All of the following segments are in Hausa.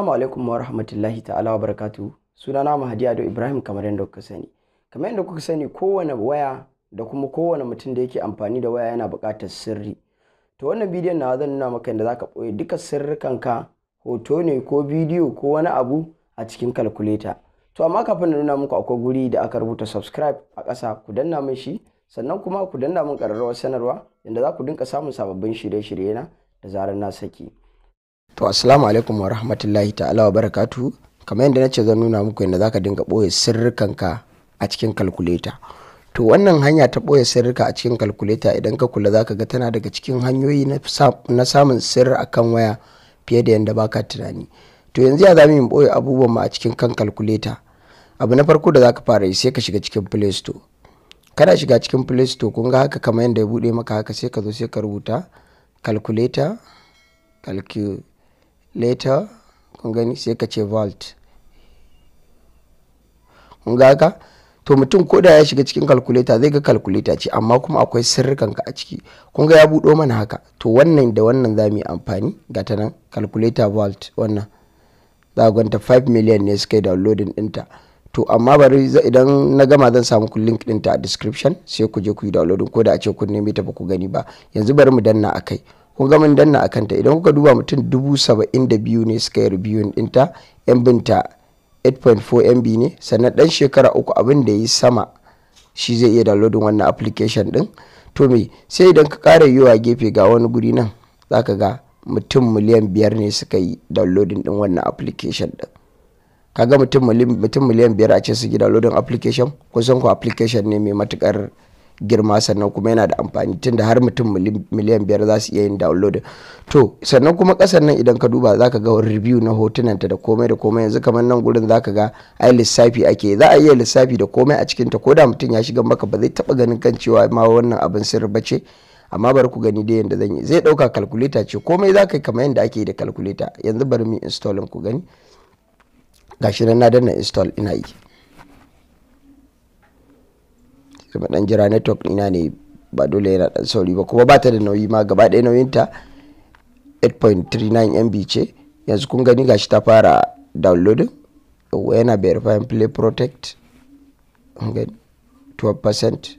Assalamu alaikum wa rahmatullahi ta'ala wa barakatu. Sunana Mahadi Ado Ibrahim kamar yadda kuka sani. Kamar yadda kuka sani kowane waya da kuma kowane mutum da yake amfani da waya yana bukatar sirri. To wannan bidiyon na zan nuna maka yadda zaka ɓoye duka ka hoto ne ko bidiyo ko wani abu a cikin kalkuleta. To amma kafin na nuna muku akwai guri da aka rubuta subscribe a ƙasa ku danna min shi sannan kuma ku danna min ƙararrawar sanarwa yadda za ku dinka samun sababbin shirye-shirye na da zarar na saki. To assalamu alaikum wa rahmatullahi ta'ala wa barakatu kamar yadda na ce zan nuna muku yadda zaka dinga ɓoye sirrikanka a cikin kalkuleta. To wannan hanya ta boye sirrika a cikin kalkuleta idan ka kula zaka ga tana daga cikin hanyoyi na samun sirri akan waya fiye da yadda baka tunani. To yanzu ya zamu yi boye abubuwan mu a cikin kan kalkuleta. Abu na farko da zaka fara yi sai ka shiga cikin Play Store. Kana shiga cikin Play Store kun ga haka kamar yadda ya bude maka haka sai ka zo sai ka rubuta calculator calculator later kun gani sai ka ce vault kun ga haka to mutum ko da ya shiga cikin kalkuleta zai ga kalkuleta ce amma kuma akwai ka a ciki kun ga ya buɗo mana haka to wannan da wannan za mu yi amfani ga ta nan calculator vault wannan za ganta 5 million ne suka yi downloading ɗinta to amma bari idan na gama zan samu ku link ɗinta a description sai ku je ku yi downloading ko da a ce kun nemi ta ba ku gani ba yanzu bari mu danna akai kai kun ga mun danna akan ta idan kuka duba mutum dubu saba'in da biyu ne suka yi rubiyun dinta yan binta 8.4 mb ne sannan dan shekara uku abin da ya yi sama shi zai iya downloading wannan application din to me sai idan ka kara yiwa gefe ga wani guri nan zaka ga mutum miliyan biyar ne suka yi downloading din wannan application din kaga mutum miliyan biyar a ce su yi downloading application kusan ku application ne mai matukar girma sannan kuma yana da amfani tun da har mutum miliyan biyar za su iya yin download to sannan kuma kasar nan idan ka duba zaka ga review na hotunan ta da komai da komai yanzu kamar nan gurin zaka ga ai lissafi ake za a iya lissafi da komai a cikinta ko da mutum ya shiga maka ba zai taba ganin kan cewa ma wannan abin sirri ba ce amma bari ku gani dai yanda zan yi zai dauka calculator ce komai zaka yi kamar yanda ake da calculator yanzu bari mu installin ku gani gashi nan na danna install ina yi kuma dan jira network ina ne ba dole yana dan sauri ba kuma ba ta da nauyi ma gaba ɗaya nauyin ta 8.39 mb ce yanzu kun gani gashi ta fara downloading yana and play protect gani 12%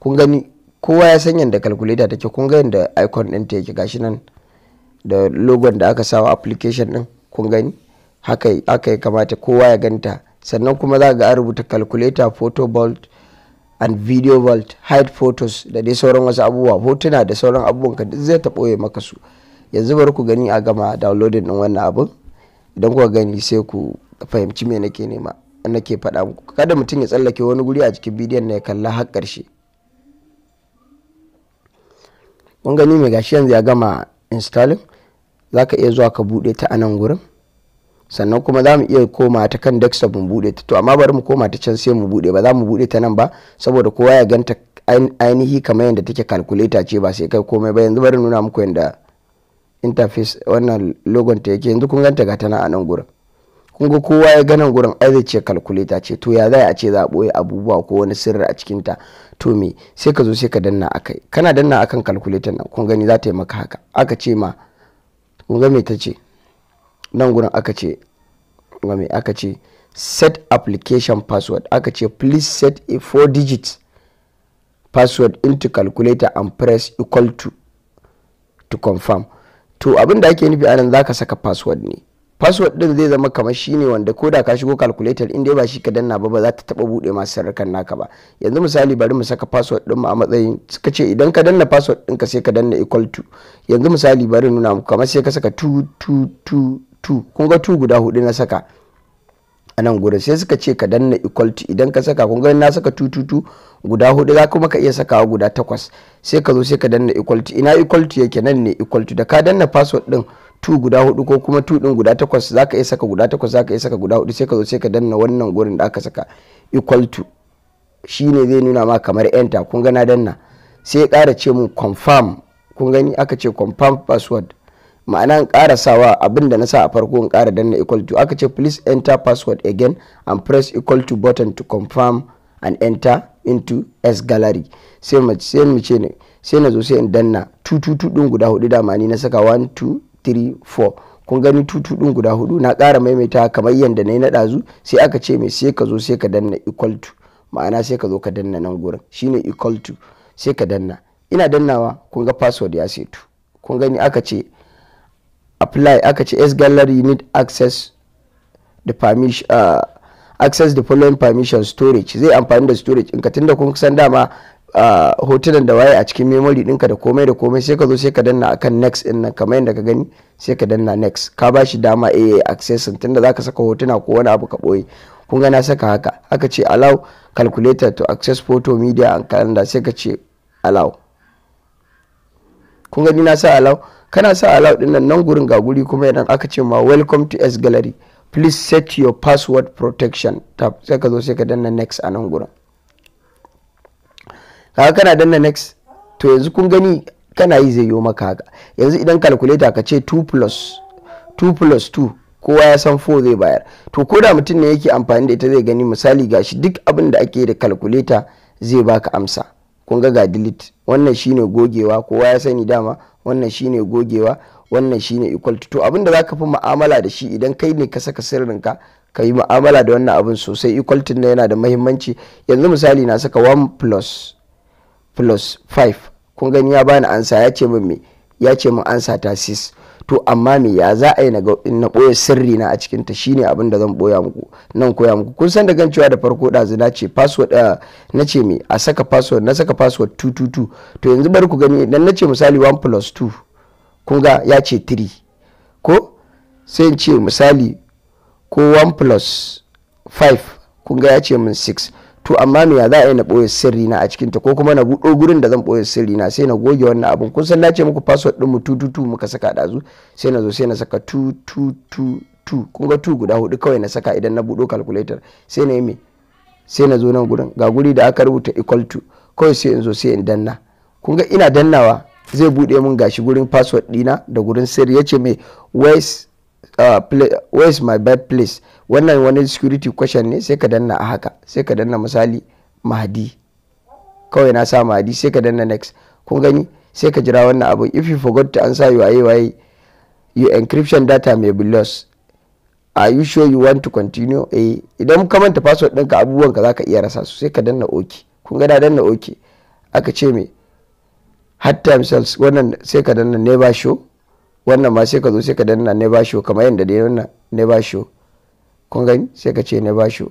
kun gani kowa ya san yadda calculator take kun ga yadda icon ta yake gashi nan da logon da aka sawa application din kun gani haka ya kamata kowa ya ganta sannan kuma za ga rubuta calculator photo bolt and video vault hide photos da dai sauran wasu abubuwa hotuna da sauran abubuwan ka duk zai ta boye maka su yanzu bari ku gani a gama downloading din wannan abun idan kuka gani sai ku fahimci me nake nema nake faɗa muku kada mutum ya tsallake wani guri a cikin bidiyon na ya kalla har ƙarshe kun gani mai gashi yanzu ya gama installing zaka iya zuwa ka buɗe ta a nan gurin sannan kuma za mu iya koma ta kan dexter mu bude ta to amma bari mu koma ta can sai mu bude ba za mu bude ta nan ba saboda kowa ya ganta ainihi kamar yadda take calculator ce ba sai kai komai ba yanzu bari nuna muku yadda interface wannan logon ta yake yanzu kun ganta ga tana a nan gurin kun ga kowa ya ganin gurin ai zai ce calculator ce to ya zai a ce za a boye abubuwa ko wani sirri a cikin ta to me sai ka zo sai ka danna akai kana danna akan calculator nan kun gani za ta yi maka haka aka ce ma kun ga me ta ce nan gudun aka ce mai aka ce set application password aka ce please set a four digit password into calculator and press equal to to confirm to abin da ake nufi anan za ka saka password ne password din zai zama kamar shine wanda koda ka shigo calculator in dai ba shi ka danna ba ba za ta taba bude ma sirrukan naka ba yanzu misali bari mu saka password din mu a matsayin suka ce idan ka danna password din ka sai ka danna equal to yanzu misali bari nuna muku kamar sai ka saka 2. tu kun ga 2 guda hudu na saka a nan gurin sai suka ce ka danna equal to idan ka saka kun ga na saka tu guda hudu za kuma ka iya sakawa guda takwas sai ka zo sai ka danna equal to ina equal to yake nan ne equal to da ka danna password din 2 guda hudu ko kuma 2 din guda takwas za ka iya saka guda takwas za ka iya saka guda hudu sai ka zo sai ka danna wannan gurin da aka saka equal to shine zai nuna ma kamar enter kun ga na danna sai ya kara ce mun confirm kun gani aka ce confirm password ma'ana in ƙara sawa abin da na sa a farko in ƙara danna equal to aka ce please enter password again and press equal to button to confirm and enter into s gallery sai mu ce ne sai na zo sai in danna tututu din guda hudu ma ni na saka 1 2 3 4 kun gani tutu din guda hudu na ƙara maimaita kamar yadda na yi na ɗazu sai aka ce mai sai ka zo sai ka danna equal to ma'ana sai ka zo ka danna nan gurin shine equal to sai ka danna ina dannawa kun ga password ya setu kun gani aka ce apply aka ce s gallery need access the permission uh, access the following permission storage zai amfani da storage in ka tunda kun san dama uh, hotunan da waye a cikin memory ɗinka da komai da komai sai ka zo sai ka danna akan next ɗin nan kamar yadda ka gani sai ka danna next ka ba shi dama eh, access access tunda za ka saka hotuna ko wani abu ka boye kun ga na saka haka aka ce allow calculator to access photo media and calendar sai ka ce allow kun gani na sa allow kana sa allow din nan gurin ga guri kuma idan aka ce ma welcome to S gallery please set your password protection tab sai ka zo sai ka danna next a nan gurin ka kana danna next to yanzu kun gani kana yi zai yi maka haka yanzu idan calculator ka ce 2 plus 2 plus 2 kowa ya san 4 zai bayar to koda mutum ne yake amfani da ita zai gani misali gashi duk abin da ake da calculator zai baka amsa kun ga ga delete wannan shine gogewa kowa ya sani dama wannan shine gogewa wannan shine equal to abinda za ka fi mu'amala da shi idan kai ne ka saka sirrinka ka yi mu'amala da wannan abin sosai equal to yana da mahimmanci yanzu misali na saka 1 plus plus 5 kun gani ya bani ansa ya ce min me ya ce min ansa ta 6 to amma me ya za a yi na ɓoye sirri na a cikin ta shine abin da zan boya muku nan koya muku kun san da gan cewa da farko ɗazu na ce password eh, na ce me a saka password na saka password 222 to yanzu bari ku gani idan na ce misali 1 2 kun ga ya ce 3 ko sai in ce misali ko 1 5 kun ga ya ce min 6 to amma me ya za a yi na ɓoye sirri na a cikin ta ko kuma na buɗo gurin da zan ɓoye sirri na sai na goge wannan abun kun san na ce muku password din mu tututu muka saka ɗazu sai na zo sai na saka tututu kun ga tu guda hudu kawai na saka idan na buɗo calculator sai na yi me sai na zo nan gurin ga guri da aka rubuta equal to kawai sai in zo sai in danna kun ga ina dannawa zai buɗe mun gashi gurin password dina da gurin sirri ya ce me where's, uh, where's my bad place wannan wani security question ne sai ka danna a haka sai ka danna misali mahadi kawai na sa mahadi sai ka danna next kun gani sai ka jira wannan abu if you forgot to answer your AYA your encryption data may be lost are you sure you want to continue eh idan ka manta password ɗinka abubuwan ka zaka iya rasa su sai ka danna ok kun ga da danna ok aka ce me hard time cells wannan sai ka danna never show wannan ma sai ka zo sai ka danna never show kamar yadda dai wannan never show kun gani sai ka ce na basho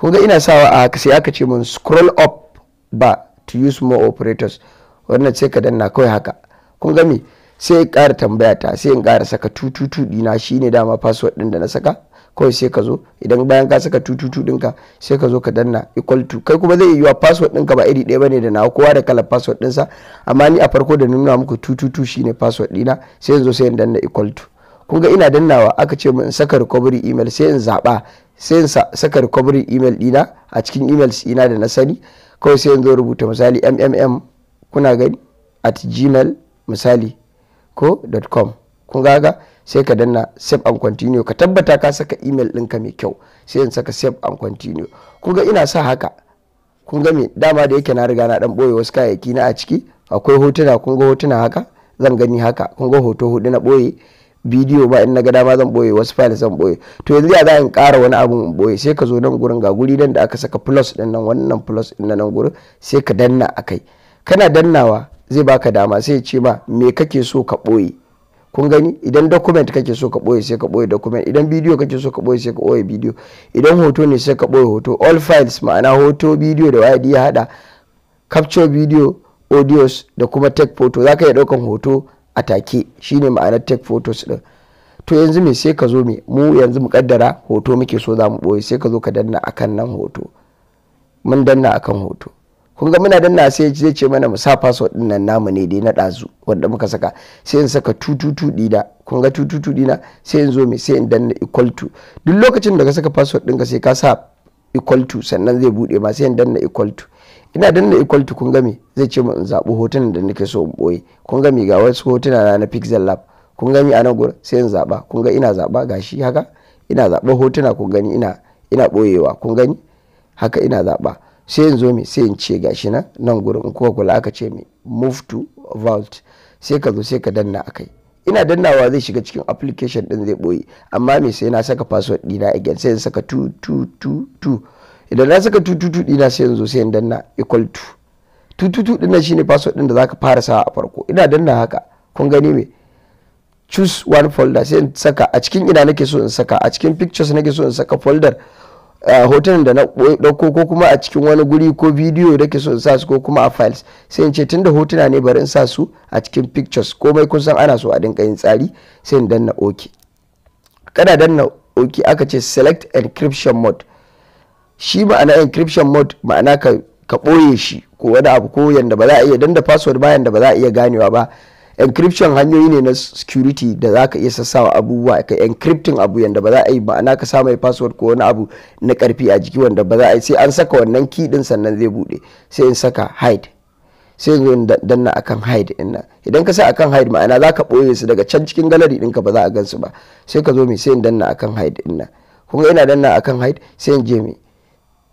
kun ga ina sawa a haka sai aka ce mun scroll up ba to use more operators wannan sai ka danna kawai haka kun ga me sai in ƙara tambaya ta sai in ƙara saka tututu dina shine dama password din da na saka kawai sai ka zo idan bayan ka saka tututu ɗinka sai ka zo ka danna equal to kai kuma zai yiwa password ɗinka ba iri ɗaya bane da nawa kowa da kalar password ɗinsa amma ni a farko da nuna muku tututu shine password ɗina sai yanzu sai in danna equal to kun ga ina dannawa aka ce in saka recovery email sai in zaɓa sai in saka recovery email dina a cikin emails ina da na sani kawai sai in zo rubuta misali mmm kuna gani at gmail misali ko .com kun ga sai ka danna save and continue ka tabbata ka saka email ɗinka mai kyau sai in saka save and continue kun ga ina sa haka kun ga me dama da yake na riga na dan boye wasu kayayyaki na a ciki akwai hotuna kun ga hotuna haka zan gani haka kun ga hoto hudu na boye bidiyo ba in na gada ma zan boye wasu file zan boye to yanzu ya za in ƙara wani abun in boye sai ka zo nan gurin ga guri nan da aka saka plus din nan wannan plus din nan gurin sai ka danna akai kana dannawa zai baka dama sai ce ma me kake so ka boye kun gani idan document kake so ka boye sai ka boye document idan bidiyo kake so ka boye sai ka boye bidiyo idan hoto ne sai ka boye hoto all files ma'ana hoto bidiyo da wadi ya hada capture video audios da kuma take photo zaka iya daukan hoto a take shine ma'anar take photos din to yanzu me sai ka zo me mu yanzu mu kaddara hoto muke so za mu boye sai ka zo ka danna a kan nan hoto mun danna a kan hoto kun ga muna danna sai zai ce mana mu sa password din nan namu ne dai na dazu wanda muka saka sai in saka tututu dina kun ga tututu dina sai in zo me sai in danna equal to duk lokacin da ka saka password ɗinka sai ka sa equal to sannan zai bude ma sai in danna equal to ina danna equal to kun zai ce in zaɓi hotunan da nake so in ɓoye kun ga wasu hotuna na na pixel lab kun gami a nan gurin sai in zaɓa kun ga ina zaɓa gashi haka ina zaɓa hotuna kun gani ina ina ɓoyewa kun gani haka ina zaɓa sai in zo me sai in ce gashi na nan gurin in kuka kula aka ce me move to vault sai ka zo sai ka danna akai ina dannawa zai shiga cikin application din zai ɓoye amma me sai na saka password dina again sai in saka 2222 idan na saka tututu dina sai yanzu sai in danna equal to tututu dinnan shine password din da zaka fara sawa a farko ina danna haka kun gani me choose one folder sai in saka a cikin ina nake so in saka a cikin pictures nake so in saka folder hoton da na dauko ko kuma a cikin wani guri ko video da ke so in sa su ko kuma a files sai in ce tunda hotuna ne bari in sa su a cikin pictures komai kun san ana so a dinka yin tsari sai in danna okay kada danna okay aka ce select encryption mode shi ma'ana encryption mode ma'ana ka ka ɓoye shi ko wani abu ko yanda ba za a iya danda password ba yadda ba za a iya ganewa ba encryption hanyoyi ne na security da za ka iya sassawa abubuwa ka encrypting abu yanda ba za a yi ma'ana ka sa mai password ko wani abu na karfi a jiki wanda ba za a yi sai an saka wannan key din sannan zai bude sai in saka hide sai zo danna akan hide din idan ka sa akan hide ma'ana za ka ɓoye su daga can cikin gallery ɗinka ba za a gansu ba sai ka zo mai sai in danna akan hide din kuma ina danna akan hide sai in je mai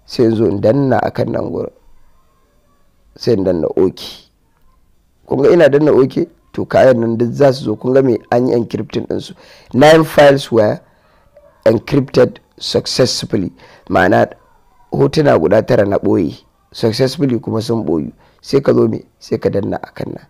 sai zo in danna kan nan gurin sai in danna oke kun ga ina danna oke to kayan nan duk za su zo kun ga me an yi encrypting ɗinsu nine files were encrypted successfully ma'ana hotuna guda tara na ɓoye successfully kuma sun ɓoyu sai ka zo me sai ka danna a kan nan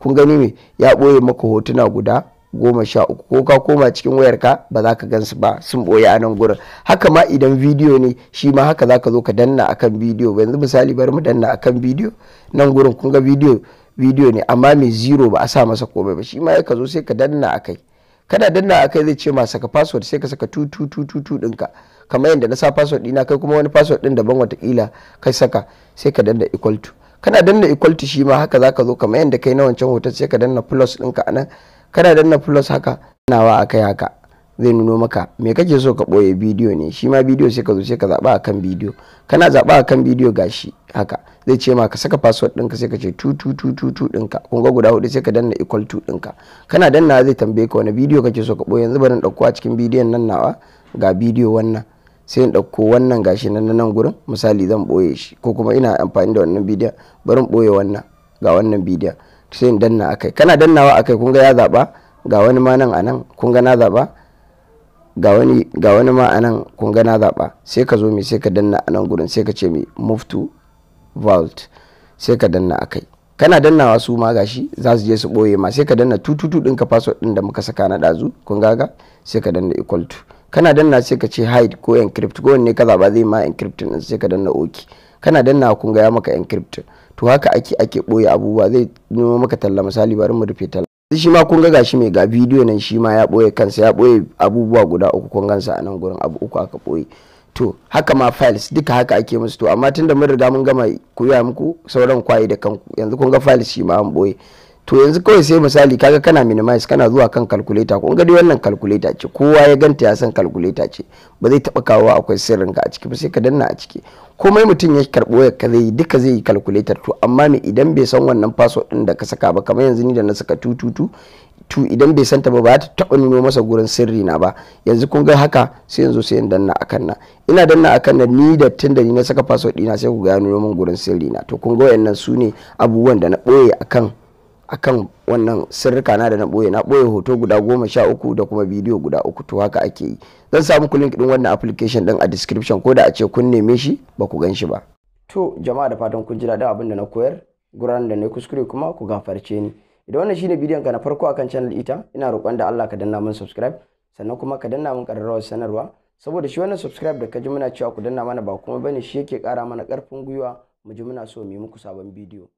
kun gani me ya ɓoye maka hotuna guda goma sha uku ko ka koma cikin wayarka ba za ka su ba sun boye a nan gurin haka ma idan bidiyo ne shi ma haka za ka zo ka danna akan bidiyo yanzu misali bari mu danna akan bidiyo nan gurin kun ga bidiyo bidiyo ne amma mai zero ba a sa masa komai ba shi ma ya ka zo sai ka danna akai kada danna akai zai ce ma saka password sai ka saka tututututu ɗinka kamar yadda na sa password dina kai kuma wani password din daban watakila kai saka sai ka danna equal to kana danna equal to shi ma haka za ka zo kamar yadda kai na wancan hoton sai ka danna plus ɗinka anan kana danna plus haka nawa a kai haka zai nuno maka me kake so ka ɓoye bidiyo ne shi ma bidiyo sai ka zo sai ka zaɓa akan bidiyo kana zaɓa akan bidiyo gashi haka zai ce ma ka saka password ɗinka sai ka ce tu ɗinka kun ga guda hudu sai ka danna equal to ɗinka kana danna zai tambaye ka wani bidiyo kake so ka ɓoye yanzu bari in ɗauko a cikin bidiyon nan nawa ga bidiyo wannan sai in dauko wannan gashi nan na nan gurin misali zan ɓoye shi ko kuma ina amfani da wannan bidiyon bari in ɓoye wannan ga wannan bidiyon sai in danna akai kana dannawa akai kun ga ya zaba ga wani ma nan anan kun ga na zaba ga wani ga wani ma anan kun ga na zaba sai ka zo mi sai ka danna anan gurin sai ka ce mi move to vault sai ka danna akai kana dannawa su ma gashi za su je su boye ma sai ka danna tututu din ka password din da muka saka na dazu kun gaga sai ka danna equal to kana danna sai ka ce hide ko encrypt ko wanne ka zaba zai ma encrypt din sai ka danna okay kana danna kun ga ya maka encrypt to haka ake ake boye abubuwa zai nemo maka talla misali bari mu rufe talla shi ma kun ga gashi mai ga bidiyo nan shi ma ya boye kansa ya boye abubuwa guda uku kun gansa a nan gurin abu uku aka boye to haka ma files duka haka ake musu to amma tunda mun riga mun gama koya muku sauran kwaye da kanku yanzu kun ga files shi ma an boye to yanzu kawai sai misali kaga kana minimize kana zuwa kan calculator kun ga dai wannan calculator ce kowa ya ganta ya san calculator ce ba zai taba kawo akwai sirrin ka a ciki ba sai ka danna a ciki komai mutum ya karbo ya ka zai duka zai yi calculator to amma me idan bai san wannan password din da ka saka ba kamar yanzu ni da na saka 222 tu idan bai santa ba ba ta taba nuno masa gurin sirri na ba yanzu kun ga haka sai yanzu sai in danna akan nan ina danna akan nan ni da tun da ni na saka password dina sai ku ga nuno min gurin sirri na to kun ga wayannan su ne abubuwan da na boye akan akan wannan sirrika na da na boye na boye hoto guda goma sha uku da kuma bidiyo guda uku to haka ake yi zan samu ku link din wannan application din a description ko da a ce kun neme shi ba ku gan shi ba to jama'a da fatan kun ji daɗin abin da na koyar guraren da na kuskure kuma ku gafarce ni idan wannan shine bidiyon ka na farko akan channel ita ina roƙon da Allah ka danna min subscribe sannan kuma ka danna min ƙararrawar sanarwa saboda shi wannan subscribe da ka ji muna cewa ku danna mana ba kuma bane shi yake ƙara mana ƙarfin gwiwa mu ji muna so mu yi muku sabon bidiyo